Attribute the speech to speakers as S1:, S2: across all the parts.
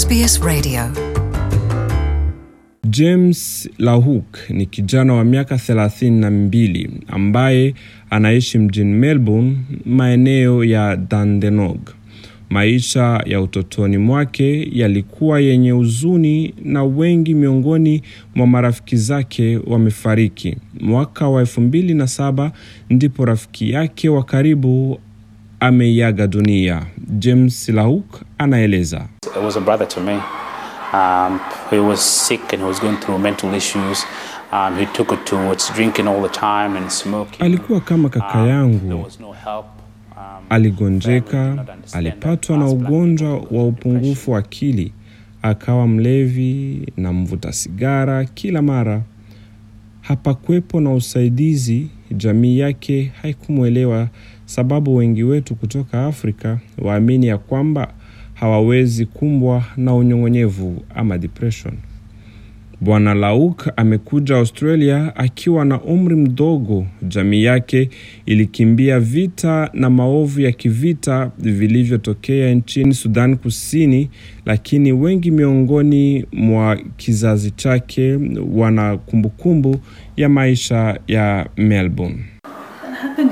S1: SBS Radio.
S2: James Lahook ni kijana wa miaka 32 ambaye anaishi mjini Melbourne, maeneo ya Dandenong. Maisha ya utotoni mwake yalikuwa yenye huzuni na wengi miongoni mwa marafiki zake wamefariki. Mwaka wa elfu mbili na saba ndipo rafiki yake wa karibu ameiaga dunia. James Lahook anaeleza
S1: it was a brother to me. Um, he was sick and he was going through mental issues. Um, he took it towards drinking all the time and smoking. Alikuwa kama kaka um, yangu. Um,
S2: Aligonjeka, alipatwa na ugonjwa wa upungufu wa akili, akawa mlevi na mvuta sigara kila mara. Hapakuwepo na usaidizi, jamii yake haikumwelewa, sababu wengi wetu kutoka Afrika waamini ya kwamba hawawezi kumbwa na unyong'onyevu ama depression. Bwana Lauk amekuja Australia akiwa na umri mdogo. Jamii yake ilikimbia vita na maovu ya kivita vilivyotokea nchini Sudan Kusini, lakini wengi miongoni mwa kizazi chake wana kumbukumbu kumbu ya maisha ya Melbourne.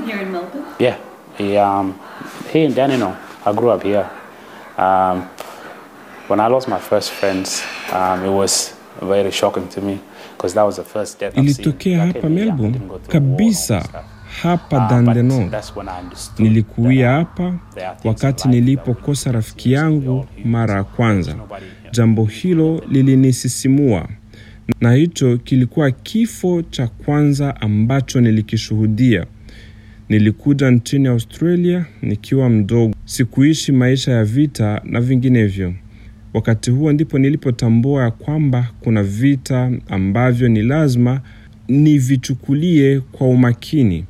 S2: Melbourne? Yeah,
S1: he, um, he and Danino, I grew up here. Um, when I lost my first friends, um, it was very shocking to me because that was the first death. Ilitokea hapa Melbourne
S2: kabisa hapa uh, Dandenong. Nilikuia uh, hapa wakati nilipokosa rafiki yangu mara ya kwanza. Jambo hilo lilinisisimua, na hicho kilikuwa kifo cha kwanza ambacho nilikishuhudia. Nilikuja nchini Australia nikiwa mdogo, sikuishi maisha ya vita na vinginevyo. Wakati huo ndipo nilipotambua ya kwamba kuna vita ambavyo ni lazima nivichukulie kwa umakini.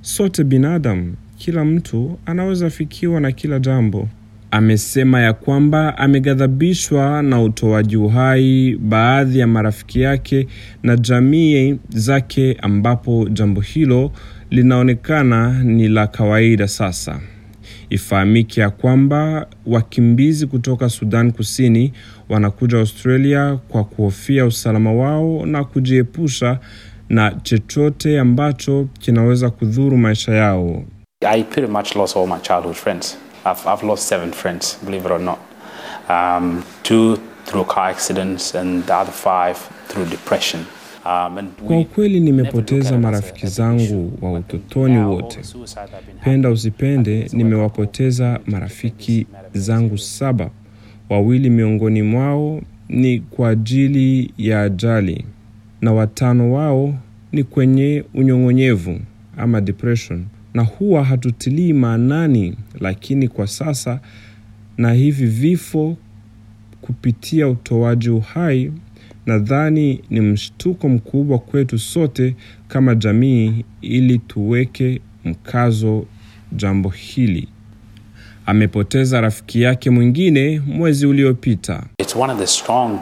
S2: Sote binadamu, kila mtu anaweza fikiwa na kila jambo amesema ya kwamba ameghadhabishwa na utoaji uhai baadhi ya marafiki yake na jamii zake, ambapo jambo hilo linaonekana ni la kawaida sasa. Ifahamike ya kwamba wakimbizi kutoka Sudan Kusini wanakuja Australia kwa kuhofia usalama wao na kujiepusha na chochote ambacho kinaweza kudhuru maisha yao.
S1: I I've, I've lost seven friends, believe it or not. Um, two through car accidents and the other five through depression. Um, kwa ukweli nimepoteza marafiki zangu
S2: wa utotoni wote, penda usipende, nimewapoteza marafiki zangu saba. Wawili miongoni mwao ni kwa ajili ya ajali na watano wao ni kwenye unyong'onyevu ama depression, na huwa hatutilii maanani lakini kwa sasa na hivi vifo kupitia utoaji uhai, nadhani ni mshtuko mkubwa kwetu sote kama jamii, ili tuweke mkazo jambo hili amepoteza rafiki yake mwingine mwezi uliopita.
S1: Um,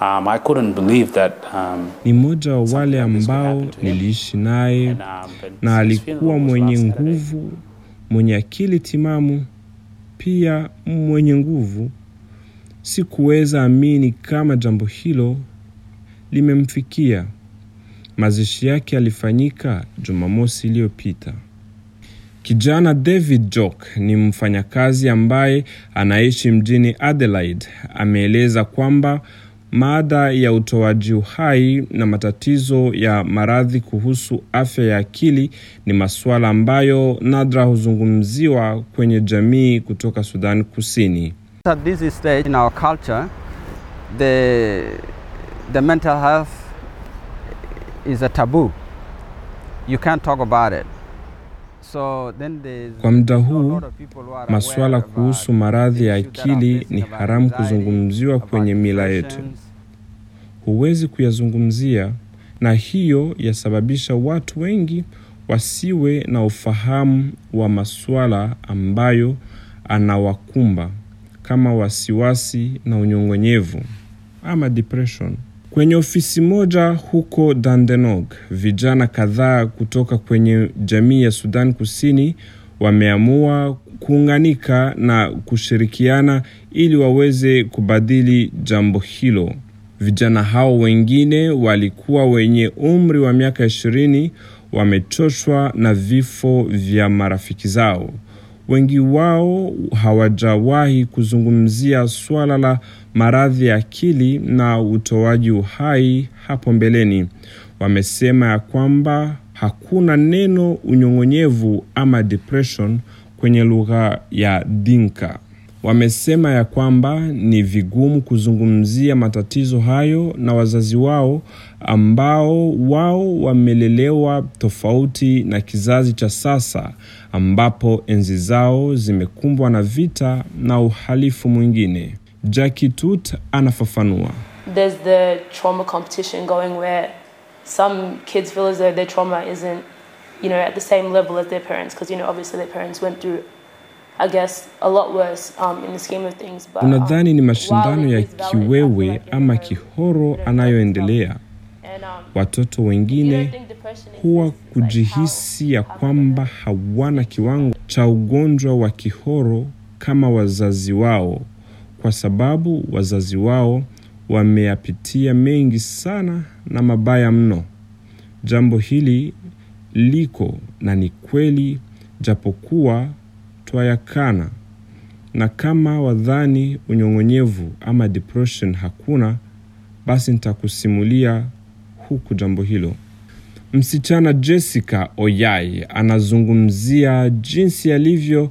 S1: um, um,
S2: ni mmoja wa wale ambao niliishi naye na alikuwa mwenye nguvu, mwenye akili timamu, pia mwenye nguvu. Sikuweza amini kama jambo hilo limemfikia. Mazishi yake yalifanyika Jumamosi iliyopita. Kijana David Jock ni mfanyakazi ambaye anaishi mjini Adelaide. Ameeleza kwamba mada ya utoaji uhai na matatizo ya maradhi kuhusu afya ya akili ni masuala ambayo nadra huzungumziwa kwenye jamii kutoka Sudan Kusini. At this stage in our culture, the, the mental health is a taboo. You can't talk about it. So then kwa muda huu masuala kuhusu maradhi ya akili ni haramu kuzungumziwa kwenye mila yetu, huwezi kuyazungumzia, na hiyo yasababisha watu wengi wasiwe na ufahamu wa masuala ambayo anawakumba kama wasiwasi na unyong'onyevu ama depression. Kwenye ofisi moja huko Dandenong, vijana kadhaa kutoka kwenye jamii ya Sudan Kusini wameamua kuunganika na kushirikiana ili waweze kubadili jambo hilo. Vijana hao wengine walikuwa wenye umri wa miaka ishirini, wamechoshwa na vifo vya marafiki zao. Wengi wao hawajawahi kuzungumzia swala la maradhi ya akili na utoaji uhai hapo mbeleni. Wamesema ya kwamba hakuna neno unyong'onyevu ama depression kwenye lugha ya Dinka. Wamesema ya kwamba ni vigumu kuzungumzia matatizo hayo na wazazi wao ambao wao wamelelewa tofauti na kizazi cha sasa ambapo enzi zao zimekumbwa na vita na uhalifu mwingine. Jackie Tut anafafanua.
S1: There's the trauma competition going where some kids feel as though their trauma isn't, you know, at the same level as their parents because, you know, obviously their parents went through I guess, a lot worse, um, in the scheme of things, but, unadhani ni um, mashindano
S2: ya kiwewe ama kihoro anayoendelea. Um, Watoto wengine huwa kujihisi ya kwamba hawana kiwango cha ugonjwa wa kihoro kama wazazi wao kwa sababu wazazi wao wameyapitia mengi sana na mabaya mno. Jambo hili liko na ni kweli, japokuwa twayakana, na kama wadhani unyong'onyevu ama depression hakuna, basi nitakusimulia huku jambo hilo. Msichana Jessica Oyai anazungumzia jinsi alivyo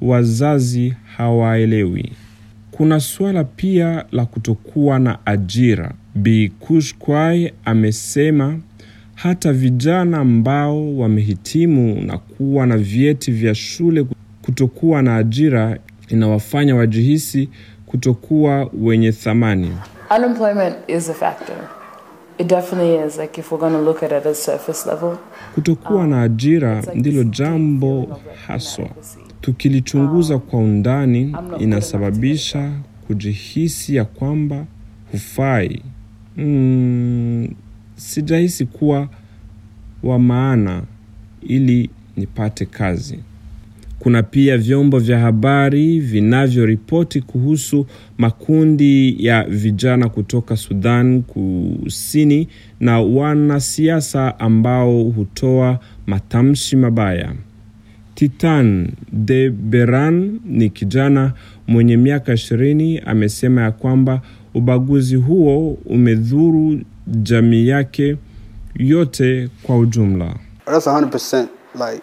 S2: wazazi hawaelewi. Kuna suala pia la kutokuwa na ajira. Bi Kushkwai amesema hata vijana ambao wamehitimu na kuwa na vyeti vya shule, kutokuwa na ajira inawafanya wajihisi kutokuwa wenye thamani.
S1: Unemployment is a factor. It definitely is. Like if we're going to look at it at surface level.
S2: Kutokuwa um, na ajira ndilo jambo haswa, tukilichunguza um, kwa undani, inasababisha kujihisi ya kwamba hufai. Mm, sijahisi kuwa wa maana ili nipate kazi. Kuna pia vyombo vya habari vinavyoripoti kuhusu makundi ya vijana kutoka Sudan Kusini na wanasiasa ambao hutoa matamshi mabaya. Titan de Beran ni kijana mwenye miaka ishirini amesema ya kwamba ubaguzi huo umedhuru jamii yake yote kwa ujumla.
S1: That's 100% like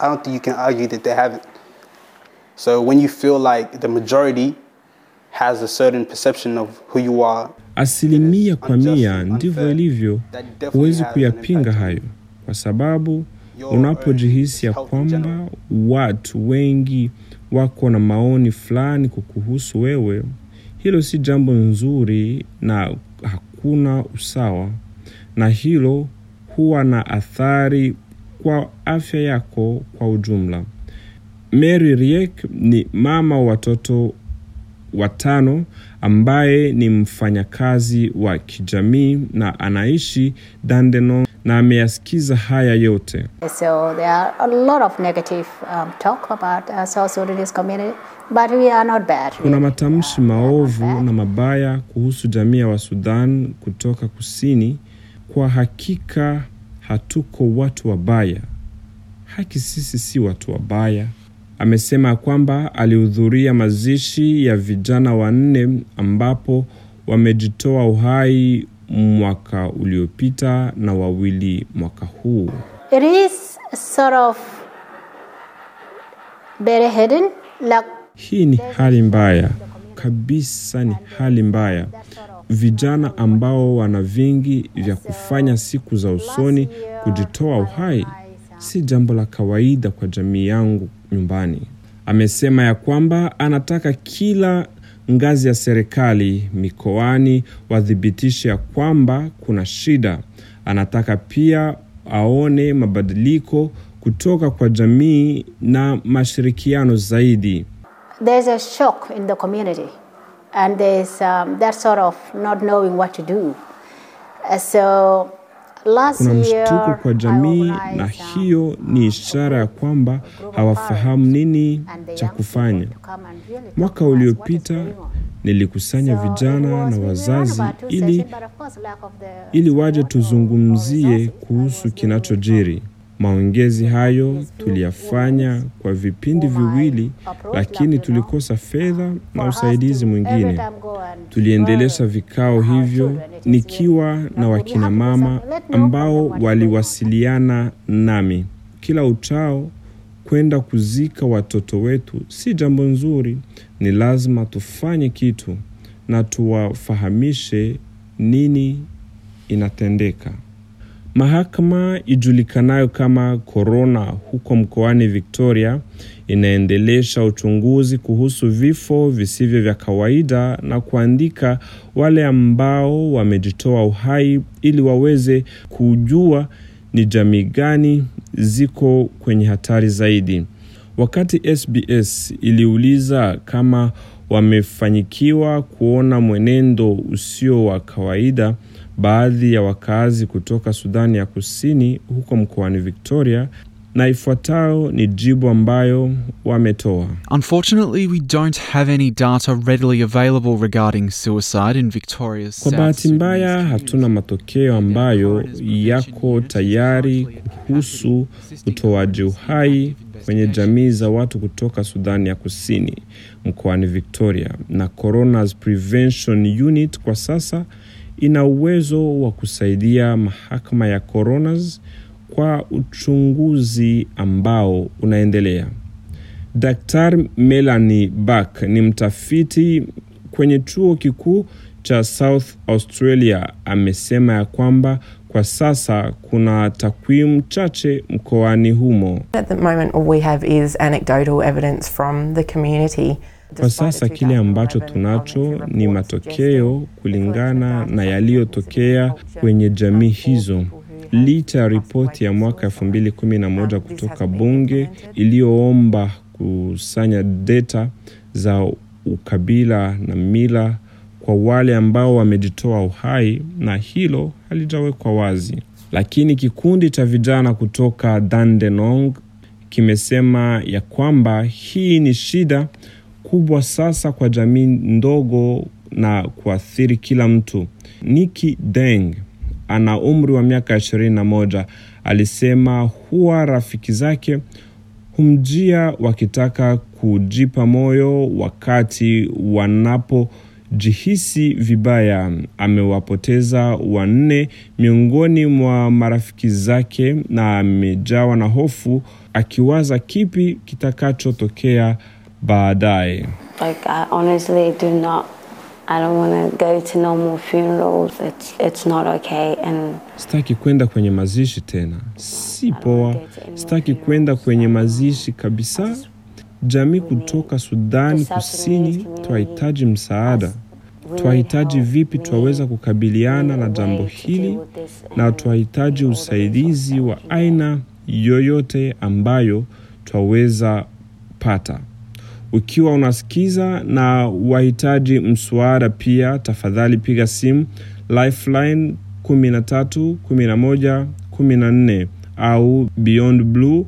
S1: I don't think you can argue that they haven't. So when you feel like the majority has a certain perception of who you are,
S2: asilimia kwa mia ndivyo ilivyo, huwezi kuyapinga hayo, kwa sababu unapojihisi ya kwamba watu wengi wako na maoni fulani kukuhusu wewe, hilo si jambo nzuri na hakuna usawa, na hilo huwa na athari kwa afya yako kwa ujumla. Mary Riek ni mama watoto watano ambaye ni mfanyakazi wa kijamii na anaishi Dandenong na ameyasikiza haya yote. So there are a lot of negative um, talk about uh, South Sudanese community but we are not bad. Kuna matamshi maovu uh, na mabaya kuhusu jamii ya Wasudan kutoka kusini. Kwa hakika hatuko watu wabaya, haki sisi si watu wabaya. Amesema kwamba alihudhuria mazishi ya vijana wanne ambapo wamejitoa uhai mwaka uliopita na wawili mwaka huu. It is sort of hii ni hali mbaya kabisa, ni hali mbaya vijana ambao wana vingi vya kufanya siku za usoni. Kujitoa uhai si jambo la kawaida kwa jamii yangu nyumbani. Amesema ya kwamba anataka kila ngazi ya serikali mikoani wathibitishe ya kwamba kuna shida. Anataka pia aone mabadiliko kutoka kwa jamii na mashirikiano zaidi. There's a shock in the community
S1: and there's um, that sort of not knowing what to do. Uh, so
S2: kuna mshtuko kwa jamii na um, hiyo ni ishara ya kwamba hawafahamu nini cha kufanya. Mwaka uliopita nilikusanya vijana na wazazi ili, ili waje tuzungumzie kuhusu kinachojiri. Maongezi hayo tuliyafanya kwa vipindi viwili, lakini tulikosa fedha na usaidizi mwingine. Tuliendelesha vikao hivyo nikiwa na wakinamama ambao waliwasiliana nami kila uchao. Kwenda kuzika watoto wetu si jambo nzuri, ni lazima tufanye kitu na tuwafahamishe nini inatendeka. Mahakama ijulikanayo kama Korona huko mkoani Victoria inaendelesha uchunguzi kuhusu vifo visivyo vya kawaida na kuandika wale ambao wamejitoa uhai ili waweze kujua ni jamii gani ziko kwenye hatari zaidi. Wakati SBS iliuliza kama wamefanyikiwa kuona mwenendo usio wa kawaida, baadhi ya wakazi kutoka Sudani ya Kusini huko mkoani Victoria na ifuatayo ni jibu ambayo wametoa. Unfortunately, we don't have any data readily available regarding suicide in Victoria's. Kwa bahati mbaya, hatuna matokeo ambayo yako tayari kuhusu utoaji uhai kwenye jamii za watu kutoka Sudani ya Kusini mkoani Victoria, na Coroner's Prevention Unit kwa sasa ina uwezo wa kusaidia mahakama ya coroner kwa uchunguzi ambao unaendelea. Dr. Melanie Buck ni mtafiti kwenye chuo kikuu cha South Australia amesema ya kwamba kwa sasa kuna takwimu chache mkoani humo. At the moment all we have is anecdotal evidence from the community. Kwa sasa kile ambacho tunacho ni matokeo kulingana na yaliyotokea kwenye jamii hizo. Licha ya ripoti ya mwaka 2011 kutoka bunge iliyoomba kusanya data za ukabila na mila kwa wale ambao wamejitoa uhai, na hilo halijawekwa wazi. Lakini kikundi cha vijana kutoka Dandenong kimesema ya kwamba hii ni shida kubwa sasa kwa jamii ndogo na kuathiri kila mtu. Nikki Deng ana umri wa miaka ishirini na moja alisema huwa rafiki zake humjia wakitaka kujipa moyo wakati wanapojihisi vibaya. Amewapoteza wanne miongoni mwa marafiki zake na amejawa na hofu akiwaza kipi kitakachotokea baadaye. sitaki kwenda kwenye mazishi tena, si poa. Sitaki kwenda kwenye mazishi kabisa. Jamii kutoka Sudani Kusini twahitaji msaada. Twahitaji vipi twaweza kukabiliana na jambo hili, na twahitaji usaidizi wa aina yoyote ambayo twaweza pata. Ukiwa unasikiza na wahitaji mswada pia, tafadhali piga simu Lifeline 13 11 au Beyond Blue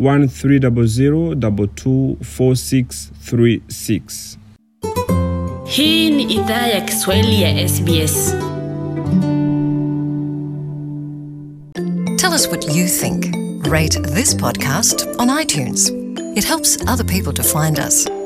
S2: 1300 Hii ni idhaa ya Kiswahili ya SBS. Tell us what you think. Rate this podcast on iTunes. It helps other people to find us.